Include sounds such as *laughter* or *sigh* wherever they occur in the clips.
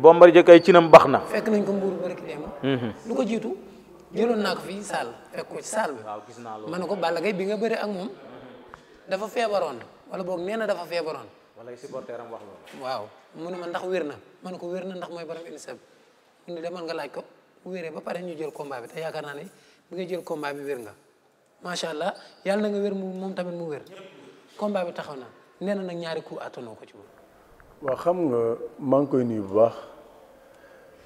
Bombardier kay cinam bax na. fekk nañ ko mbuur bari ki dem. Mhm. lu ko jiitu jëloon naa ko fii saal fekk ko ci saal bi. waaw gis naa loolu ma ne ko Balla Gaye bi nga bëre ak moom dafa feebaroon wala boog nee na dafa feebaroon. wala supporter am wax loolu. waaw mu ne ma ndax wér na ma ne ko wér na ndax mooy borom UNICEF mu ne demal nga laaj ko bu wéree ba pare ñu jël combat bi te yaakaar naa ne bi nga jël combat bi wér nga macha allah yàlla na nga wér moom tamit mu wér combat bi taxaw na nee na nag ñaari coup attanoo ko ci moom. waa xam nga maa koy nuyu bu baax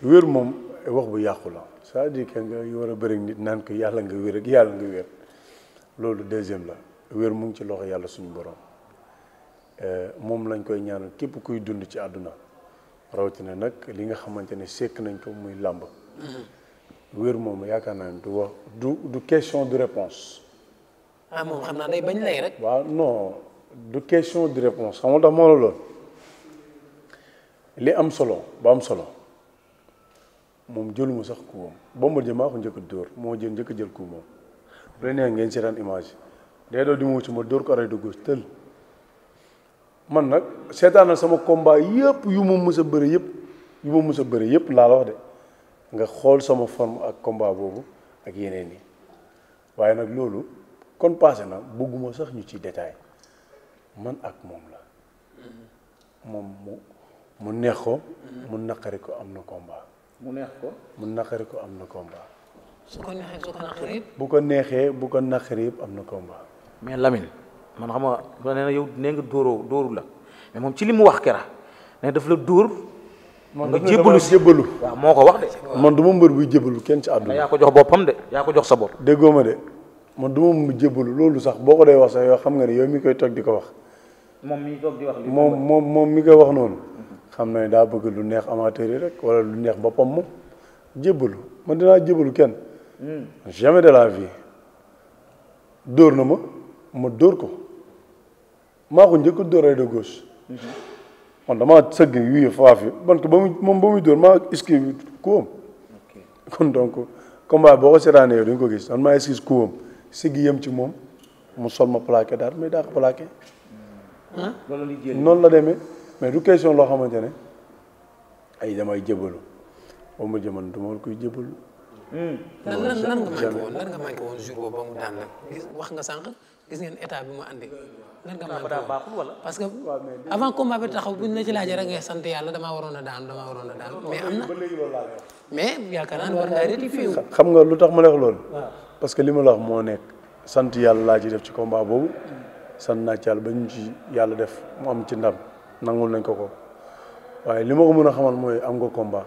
wér moom wax bu yàqu la c'est-à-dire que war a bëri nit naan ko yàlla nga wér rek yàlla nga wér loolu deuxième la wér mu ngi ci loxo yàlla suñu borom euh, moom lañ koy ñaanal képp kuy dund ci àdduna rawatina nag li nga xamante ni sekk nañ ko muy làmb mm-hmm. wér moom yaakaar naa ne du wax du du question de réponse ah, xam naa day bañ lay waaw non du question de réponse xam nga tax moo la lool. li am solo ba am solo moom jëluma sax ku moom Bombardier maa ko njëkk dóor moo jël njëkk a jël ku moom bu leen neex ngeen seetaan image day doo di mu ci ma dóor ko arrêt de tël man nag seetaanal sama combat yëpp yu ma mës a bëri yëpp yu ma mës a yëpp laa la wax de nga xool sama forme ak komba boobu ak yeneen yi waaye nag loolu kon passé na bëgguma sax ñu ci détail man ak moom la moom mu mu neex ko mu naqari ko am na combat mu neex ko naqari ko am na combat su ko neexee su ko bu ko neexee bu ko naqari yëpp am na combat mais lamin man xam nga nee na yow nee nga dóoroo dóoru la mais moom ci li mu wax kera ne daf la dóor nga jébbalu jébbalu waaw moo ko wax de man du ma mbër buy jébbalu kenn ci àdduna yaa ko jox boppam de yaa ko jox sa bopp déggoo ma de ma mu jébbalu loolu sax boo ko dee wax sax yow xam nga ne yow mi koy toog di ko wax moom mi toog di moom moom moom mi koy wax noonu xam na ne daa bëgg lu neex amateur rek wala lu neex boppam moom jébbalu man dinaa jébbalu kenn. Hmm. jamais de la vi dóor na ma ma dóor ko maa ko njëkk a dóor de gauche. Hmm. man damaa sëgg yuy faaf yi ba muy moom ba muy dóor maa esquive kuwam. donc combat boo ko seetaanee yow ko gis man maa esquive kuwam sëgg yem ci moom mu sol ma plaqué daal daa ko plaqué. Hmm. noonu la demee. mais du question loo xamante ne ay damay jébalu ba mu jëman du ma koy jébalu. Hmm. lan lan lan nga manqué wax nga sànq gis ngeen état bi mu andi. lan nga manqué woon que avant combat bi taxaw buñ la ci laajee rek sant yàlla damaa waroon a daan damaa waroon a daan mais am na mais yaakaar naa ne war ngaa rectifier xam nga lu tax ma wax loolu. parce que li la wax moo nekk sant yàlla laa ci def ci combat boobu hmm. sant naa ci ba ñu ci yàlla def mu am ci ndam. nangul nañ ko ko waaye li ma ko mën a xamal mooy am nga combat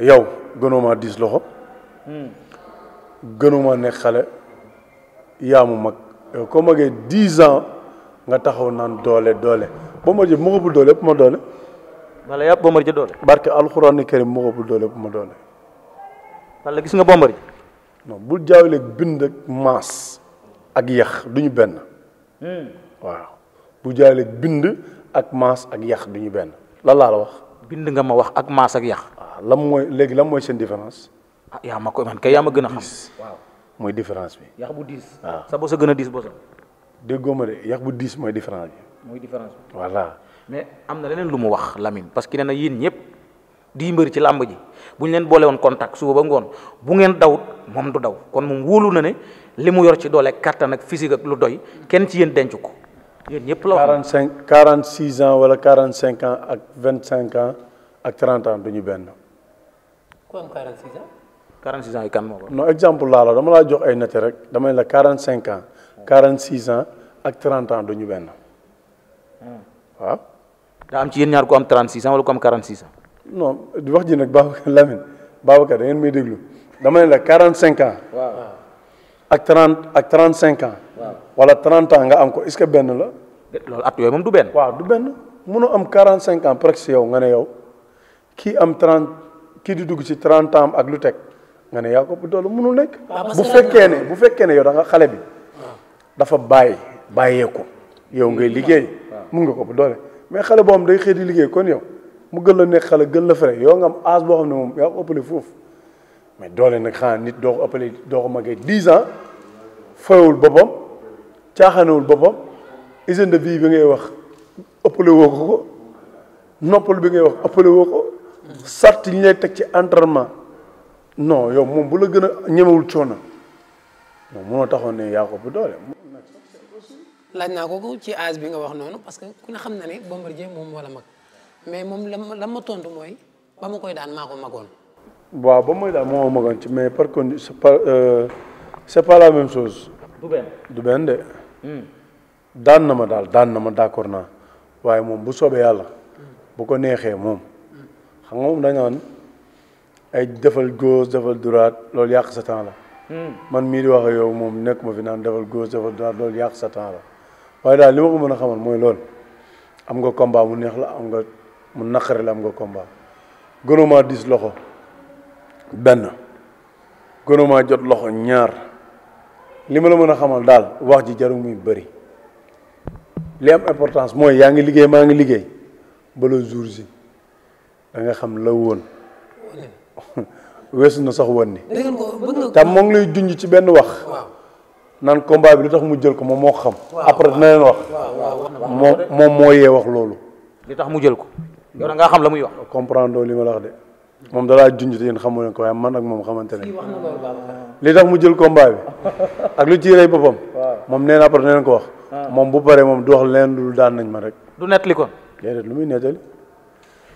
yow gënoomaa diis loxo hmm. gënuma ne xale yaamu mag yow koo magee dix ans nga taxaw naan doole doole Bombardier bu ma ko bul doole ëpp ma doole wala yàpp Bombardier doole barke ma ko bul doole ëpp ma doole wala gis nga Bombardier non bind ak maas ak yax duñu benn hmm. waaw bu jaawleeg bind ak maas ak yax du ñu benn lan laa la wax. bind nga ma wax ak maas ak yax. waaw ah, lan mooy léegi lan mooy seen différence. ah yaa ma ko man kay yaa ma gën a xas waaw mooy différence bi. yax bu diis. waaw ah. sa bosa gën a diis bosa. déggoo ma de yax bu diis mooy différence bi. mooy différence voilà. mais am na leneen lu mu wax Lamine parce que nee na yéen ñëpp di mbëri ci làmb ji bu ñu leen boole woon contact suba ba ngoon bu ngeen dawut moom du daw kon moom wóolu na ne li mu yor ci doole kàttan ak physique ak lu doy kenn ci yéen denc ko. yéen ñëpp la wax 45 46 ans wala 45 ans ak 25 ans ak 30 ans du ñu benn. ku am 46 ans. ans yi kan moo la dama laa jox ay nette rek damay la 45 ans 46 ans ak 30 du ñu benn hmm. waaw. am ci yéen ñaar ku am 36 ans wala ku am 46 ans. non wax ji nag Babacar Lamine Babacar da ngeen may déglu dama ne la 45 ans. ak trente ak trente cinq ans. wala trente nga am ko est benn la. loolu at du benn. waaw du benn mënoo am quarante cinq ans presque yow nga ne yow kii am trent kii di dugg si trente ans ak lu teg nga ne yaa ko bu doolu mënul nekk. bu fekkee ne bu fekkee ne yow da nga xale bi. dafa bàyyi bàyyeeku yow ngay liggéey. mun nga ko bu doole mais xale boo xam day xëy di liggéey kon yow mu gën la nekk xale gën la fere yoo nga am âge boo xam ne moom yaa ko ëppale foofu. mais doole nag xanaa nit doo ko ëppale doo ko magee dix ans foyewul boppam caaxaanewul boppam hygiène de vie bi ngay wax ëppale woo ko ko noppal bi ngay wax ëppale woo ko sart ñu lay teg ci entraînement non yow moom bu la gën a ñemewul coono moom munoo taxoon ne yaa bu doole. laaj naa ko ci âge bi nga wax noonu parce que ku ne xam na ne Bombardier moom wala mag mais moom la ma tontu mooy ba ma koy daan maa ko magoon. waaw ba mooy daal moo magoon ci mais par contre c'est pas euh, c'est pas la même chose. du benn de. Hmm. daan na ma daal daan na ma d'accord naa waaye moom bu soobee yàlla. bu ko neexee moom. xam nga moom dañu naan ay defal gauche defal droite loolu yàq sa temps la. Hmm. man mii di wax ak yow moom nekk ma fi naan defal gauche defal droite loolu yàq sa temps la waaye daal li ma ko mën a xamal mooy lool am nga combat mu neex la am nga mu naqare la am nga combat gënuma dis loxo. benn gënumaa jot loxo ñaar li ma la mën a xamal daal wax ji jaru muy bëri li am importance mooy yaa ngi liggéey maa ngi liggéey ba le jour ji xam la woon weesu na sax woon ni te moo ngi lay junj ci benn wax naan combat bi lu tax mu jël ko moom moo xam après dina leen wax moom moom moo yee wax loolu li tax mu jël ko yow da ngaa xam la muy wax comprendre li ma la wax de moom dalaa junj te yéen xamu leen ko waaye man ak moom xamante ne li tax mu jël combat bi ak lu ci rey boppam moom nee naa pare ko wax ah. moom bu paree moom du wax leen lu daan nañ ma rek du nettali kon déedéet lu muy nettali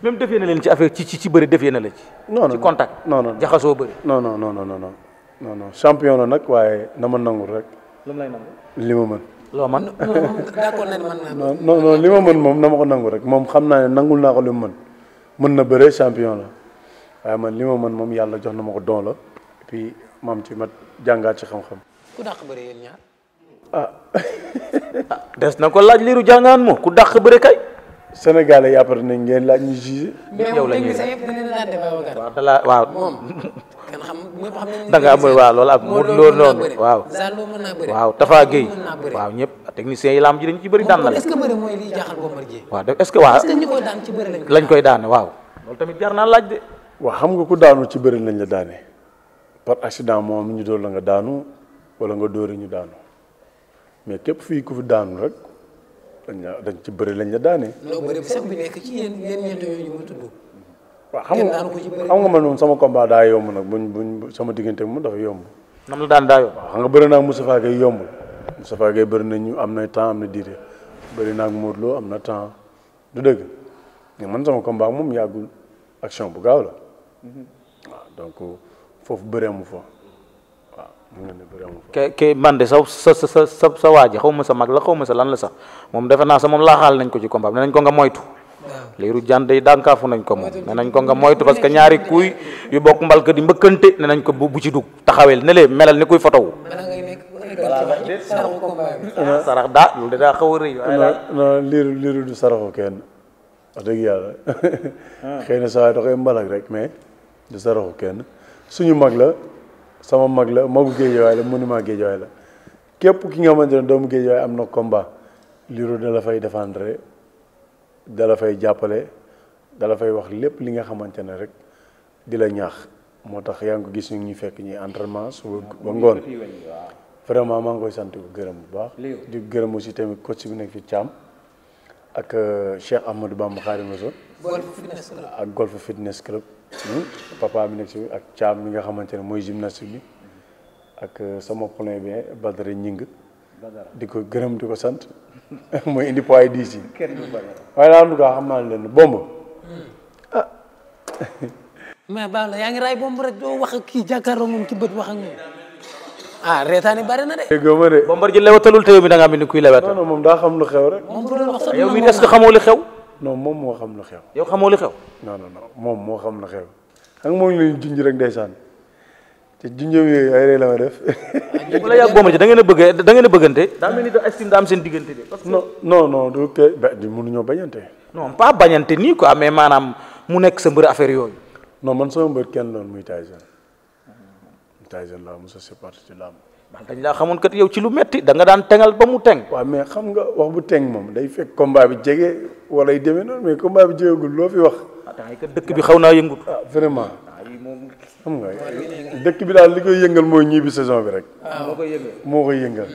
même defee na leen ci affaire ci ci bëri defee na la ci no ci contact non non jaxasoo bëri non non non non non non non champion la nangul rek lu mu lay li ma mën loo mën d'accord na mën moom na ma ko nangu rek moom xam naa ne nangul naa ko li mu mën mën na bëre champion la waaye man li ma mën moom yàlla jox na ma ko don la et ma am ci ma jàngaat ci xam-xam. ku dàq bëre yéen ah. Ah, des na ko laaj liiru jàngaan mo ku dàq bëre kay. Sénégalais yàpp nañ ngeen laaj ñu jugé. yow la ñuy def waaw moom. kan xam ñëpp xam waaw loolu ak mu loolu yi laam ji dañu ci bëri daan na la est-ce est-ce que lañ koy daan waaw tamit jar naa laaj de waaw xam nga ku daanu ci bëri lañ la daane par accident mu ñu door la nga daanu wala nga dóore ñu daanu mais képp fii ku fi daanu rek dañ ci bëri lañ la daane. loo bëri sax ma tudd. xam nga xam nga man moom sama combat daa yomb nag buñ buñ sama diggante mu dafa yomb. nam la daan daa yomb. xam nga bëri naa Moustapha Gueye yombul Moustapha Gueye bëri na ñu am na temps am na diire bëri naa ak Modou Lo am na temps du dëgg man sama combat moom yàggul action bu gaaw la. waaw foofu bëreemu fa na ne bëreemu fa. man de sa sa sa sa sa waa ji xaw ma sa mag la xaw ma sa lan la sax moom defe naa sa moom laaxaal nañ ko ci combat nañ ko nga moytu. liiru jaan day nañ ko moom ne nañ ko nga moytu parce que ñaari kuy yu bokk mbalka yi mbëkkante ne nañ ko bu ci dugg taxawel ne lee melal ni kuy fotowu ah, sarax daa loolu de daa xaw a rëy non liiru liiru du saraxu kenn wax dëgg yàlla ah. xëy na saa doxee mbalak rek mais du saraxu kenn suñu mag la sama mag la magu géejawaay la monument géejawaay la képp ki nga xamante ne doomu géejawaay am na combat Lirou dala fay défendre dala fay jàppale dala fay wax lépp li nga xamante ne rek di la ñax moo tax yaa ngi ko gis ñu ñu fekk ñuy entraînement suba ba ngoon vraiment maa ngi koy sant bu gërëm bu baax di gërëmu si tamit coach bi nekk fi Thiam ak euh, Cheikh Ahmadou Bamba Khadim Rassoul ak Golf Fitness Club Hmm? papa mi nekk si ak caam mi nga xamante ne mooy gymnastique bi ak euh, sama poulain bi Badara Ñing di ko gërëm di ko sant *laughs* mooy indi poids yi diis yi waaye daal du gaa xam naa leen bomb hmm. ah *laughs* mais baax la yaa ngi raay bomb rek doo wax ak kii jàkkaarloo moom ci bët wax ak moom a ah, reetaani bari na de. déggoo ma de. bombar ji te yow mi da ngaa ni kuy lewatal. moom daa xam lu xew rek. moom bu doon wax sax yow mi est-ce que xew. non moom moo xam lu xew. yow xamoo li xew. non non moom moo xam na xew xam nga moom la ñu junj rek ndeysaan te junjam yooyu ay ree la *laughs* ma def. wala da ngeen bëgg da ngeen a bëggante. daa mel am seen diggante de. parce que non non di mënuñoo bañante. non pas bañante nii ko mais maanaam mu nekk sa mbër affaire yooyu. non man sama mbër kenn loon muy Tyson Tyson laa mos a séparé ci làmb man dañ laa xamoon kat yow ci lu metti danga daan tengal ba mu teng. waaw mais xam nga wax bu teng moom day fekk combat bi jege wala yu demee noonu mais combat bi jegegul loo fi wax. ah dëkk bi xaw naa yëngut. Ah, vraiment. xam nga dëkk bi daal li koy yëngal mooy ñibbi saison bi rek. Ah, moo koy yëngal moo koy yëngal.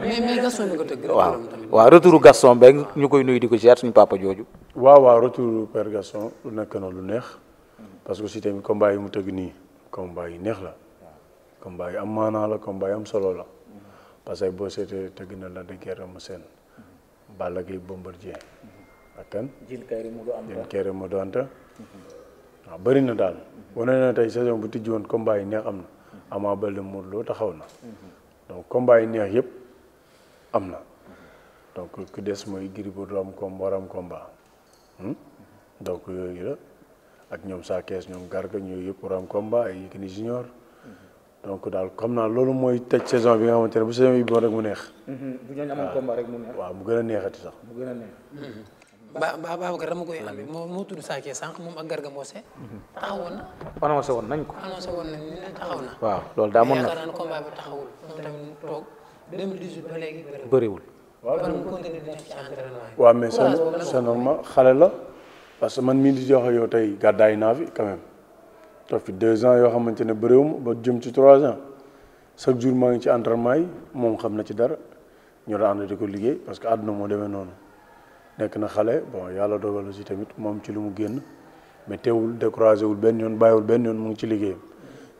mais ko tëgg. waaw waaw retouru Gaston Mbengue ñu koy nuyu di ko ziar suñu papa jooju. waaw waaw retouru père Gaston nekk na lu neex parce que aussi tamit combat yi mu tëgg nii combat yi neex la. combat yu am maanaa la combat yu am solo la parce que boo seetee tëgg na la de guerre mu seen Balla Gaye Bombardier ak kan jil kayri mu do anta waaw bëri na daal wane na tey saison bu tijji woon combat yi neex am na Ama Baldé Modou Lô taxaw na donc combat yi neex yëpp am na donc ku des mooy Gris Bordeaux combat hmm? donc yooyu la ak ñoom saa kees ñoom garga ñooyu yëpp war combat ay Yékini junior donc daal comme naa loolu mooy tëj saison bi nga xamante ne bu saison bi bon rek mu neex. Mhm. bu ñu amoon combat rek mu neex. waaw mu gën a neexati sax. mu gën a neex. ba ba Babacar dama koy amee moo moo tudd Sa Thiès sànq moom ak Garga Mbossé. Mhm. taxawoon na. annoncé woon nañ ko. annoncé woon nañ ne taxaw na. waaw loolu daa mën na yaakaar naa ne combat bi taxawul. moom tamit toog 2018 ba léegi bëriwul. waaw kon mu continué di nekk ci entraînement yi. waaw mais c'est normal xale la parce que man mii di joxe yow tey gàddaay naa fi quand même. toog fi deux ans yoo xamante ne bëréewuma ba jëm ci trois ans chaque jour maa ngi ci entraînement yi moom xam na ci dara ñu daan na di ko liggéey parce que àdduna moo demee noonu nekk na xale bon yàlla dogal aussi tamit moom ci lu mu génn mais teewul wul benn yoon bàyyiwul benn yoon mu ngi ci liggéeyam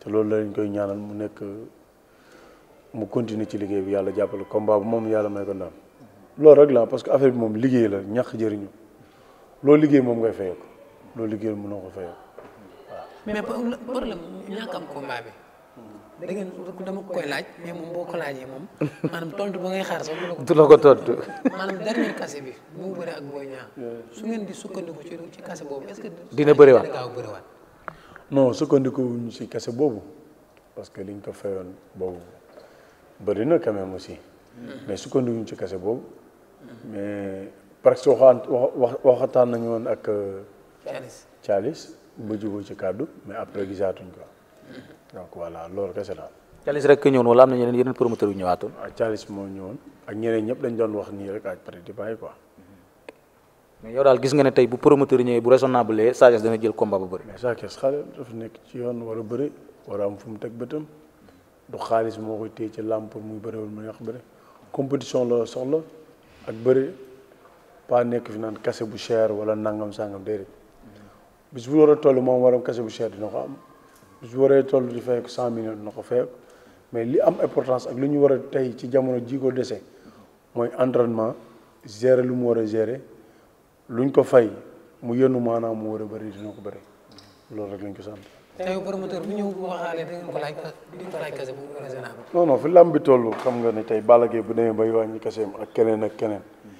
te loolu lañ koy ñaanal mu nekk mu continuer ci liggéey bi yàlla jàppale combat bu moom yàlla may ko ndam loolu rek la parce que affaire bi moom liggéey la ñax jëriñu loo liggéey moom ngay fayee ko liggéey mënoo ko fayee mais problème ñàkkam combat bi. da ngeen dama koy laaj mais moom boo ko laajee moom maanaam tontu ba ngay xaar sax du la ko tontu maanaam dernier kase bi moo bëri ak Boy Niang su ngeen di sukkandiku ci ci kase boobu est que dina bëriwaat gaaw bëriwaat sukkandiku si kase boobu parce que liñ ko fayoon boobu bëri na quand même aussi mais sukkandiku ci kase boobu mais parce que waxaan waxataan nañu woon ak euh, Thialis ba jubóo ci kàddu mais après gisaatuñ ko donc voilà loolu kese daal. Thialis rek ñëwoon wala am na ñeneen yeneen promoteurs yu ñëwaatoon. waaw ah, Thialis moo ñëwoon ak ñeneen ñëpp dañ doon wax nii rek à peu près di bàyyi quoi. mais yow daal gis nga ne tey bu promoteur ñëwee bu raisonnable lee Sa Thiès dana jël combat bu nekk ci yoon war a bëri fu mu teg bëtam du xaalis moo koy ci làmp muy bëri wala muy wax bëri compétition la soxla ak bëri pas nekk fi naan kase bu cher wala nangam sàngam déedéet. bis bu war a toll moom waram kese bu cher dina ko am bis bu waree toll di fekk cent millions dina ko fekk mais li am importance ak li ñu war a tey ci jamono ji ko dese mooy entraînement gérer lu mu war a gérer luñ ko fay mu yënnu maanaam mu war a bëri dina ko bëri loolu rek lañ ko sant. tey promoteur fi lamb bi toll xam nga ne tey Balla Gaye bu demee bay wàññi kaseem ak keneen ak keneen.